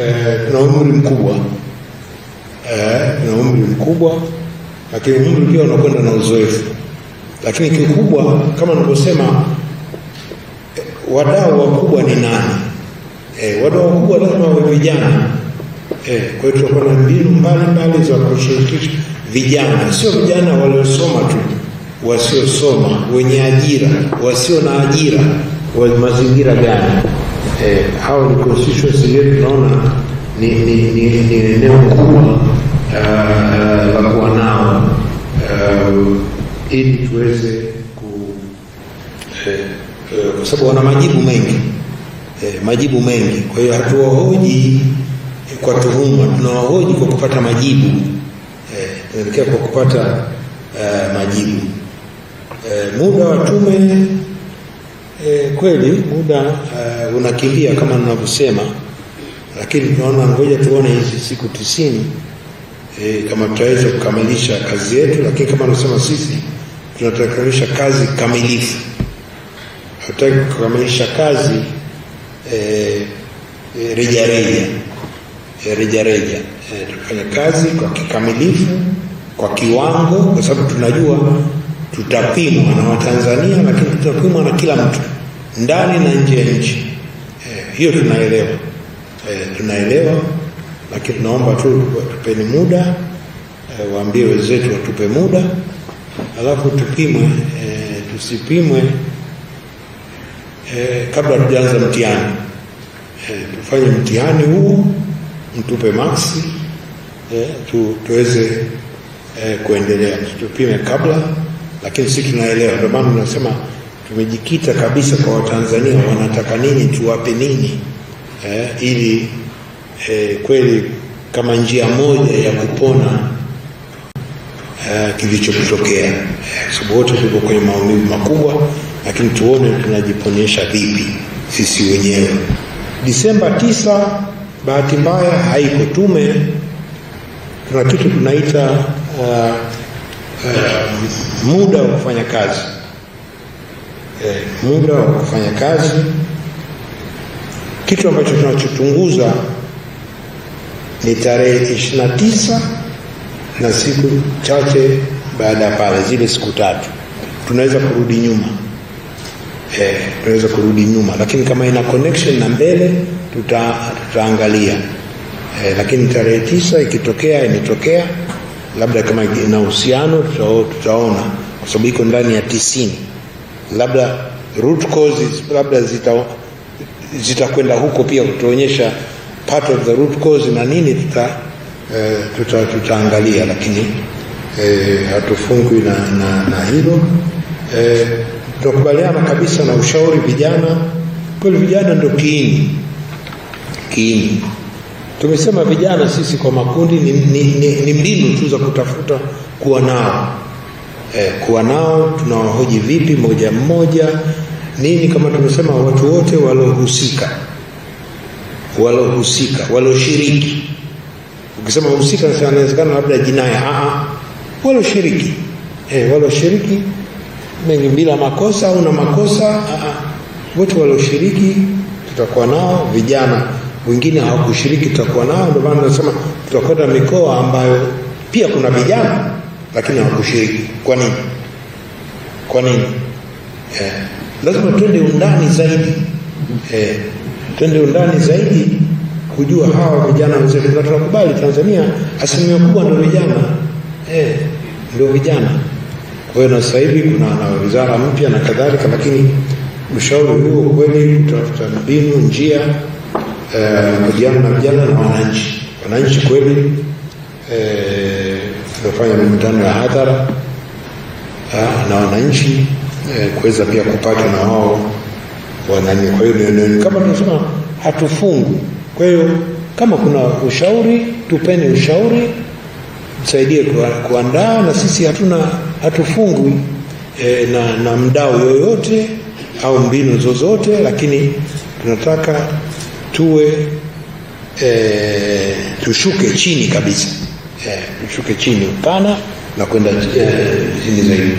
Eh, na umri mkubwa eh, na umri mkubwa, lakini umri pia unakwenda na uzoefu. Lakini kikubwa kama nilivyosema, eh, wadau wakubwa ni nani? Eh, wadau wakubwa lazima wawe vijana. Eh, kwa hiyo tunakuwa na mbinu mbalimbali za kushirikisha vijana, sio vijana waliosoma tu, wasiosoma, wenye ajira, wasio na ajira, wa mazingira gani? eh, hawa ni constituency yetu tunaona ni, ni, ni, ni eneo kubwa eh, la kuwa nao eh, ili tuweze ku eh, kwa sababu wana majibu mengi eh, majibu mengi. Kwa hiyo hatuwahoji kwa tuhuma, tunawahoji kwa kupata majibu eh, tunaelekea kwa kupata uh, majibu eh, muda wa tume kweli muda uh, unakimbia kama ninavyosema, lakini tunaona ngoja tuone hizi siku tisini e, kama tutaweza kukamilisha kazi yetu, lakini kama navyosema sisi tunataka kukamilisha kazi kamilifu, hatutaki kukamilisha kazi e, e, reja reja e, reja reja e, tufanya kazi kwa kikamilifu kwa kiwango, kwa sababu tunajua tutapimwa na Watanzania, lakini tutapimwa na kila mtu ndani na nje ya nchi eh, hiyo tunaelewa eh, tunaelewa, lakini tunaomba tu tupeni muda eh, waambie wenzetu watupe muda alafu tupimwe eh, tusipimwe eh, kabla hatujaanza mtihani eh, tufanye mtihani huu mtupe maksi eh, tu, tuweze eh, kuendelea, tupime kabla, lakini si tunaelewa, ndio maana tunasema tumejikita kabisa kwa Watanzania wanataka nini, tuwape nini eh, ili eh, kweli kama njia moja ya kupona eh, kilichotokea eh, sababu wote tuko kwenye maumivu makubwa, lakini tuone tunajiponyesha vipi sisi wenyewe. Disemba tisa, bahati mbaya haiko tume, kuna kitu tunaita uh, uh, muda wa kufanya kazi Eh, muda wa kufanya kazi. Kitu ambacho tunachochunguza ni tarehe ishirini na tisa na siku chache baada ya pale, zile siku tatu tunaweza kurudi nyuma eh, tunaweza kurudi nyuma, lakini kama ina connection na mbele tuta, tutaangalia eh, lakini tarehe tisa ikitokea imetokea, labda kama ina uhusiano tutaona, kwa sababu iko ndani ya tisini labda root causes labda zita zitakwenda huko pia kutuonyesha part of the root cause na nini tuta eh, tuta tutaangalia lakini eh, hatufungwi na, na, na hilo eh, tunakubaliana kabisa na ushauri vijana kweli vijana ndo kiini kiini tumesema vijana sisi kwa makundi ni, ni, ni, ni mbinu tu za kutafuta kuwa nao eh, kuwa nao, tunawahoji vipi moja mmoja nini, kama tumesema, watu wote walohusika, walohusika, waloshiriki. Ukisema husika, inawezekana labda jinai, a waloshiriki, eh, waloshiriki mengi bila makosa au na makosa, wote walioshiriki tutakuwa nao. Vijana wengine hawakushiriki, tutakuwa nao. Ndio maana nasema tutakwenda mikoa ambayo pia kuna vijana lakini hawakushiriki. Kwa nini? Kwa nini? Eh, lazima twende undani zaidi eh, twende undani zaidi kujua hawa vijana wenzetu, na tunakubali Tanzania asilimia kubwa ndio vijana eh, ndio vijana. Kwa hiyo na sasa hivi kuna na wizara mpya na kadhalika, lakini ushauri huo kweli, kutafuta mbinu, njia eh, na vijana na wananchi, wananchi kweli eh, tutafanya mikutano ya hadhara na wananchi e, kuweza pia kupata na wao wanani. Kwa hiyo kama tunasema hatufungwi. Kwa hiyo kama kuna ushauri, tupeni ushauri, msaidie kuandaa, na sisi hatuna hatufungwi e, na, na mdau yoyote au mbinu zozote, lakini tunataka tuwe e, tushuke chini kabisa eh, shuke chini upana na kwenda eh, chini zaidi.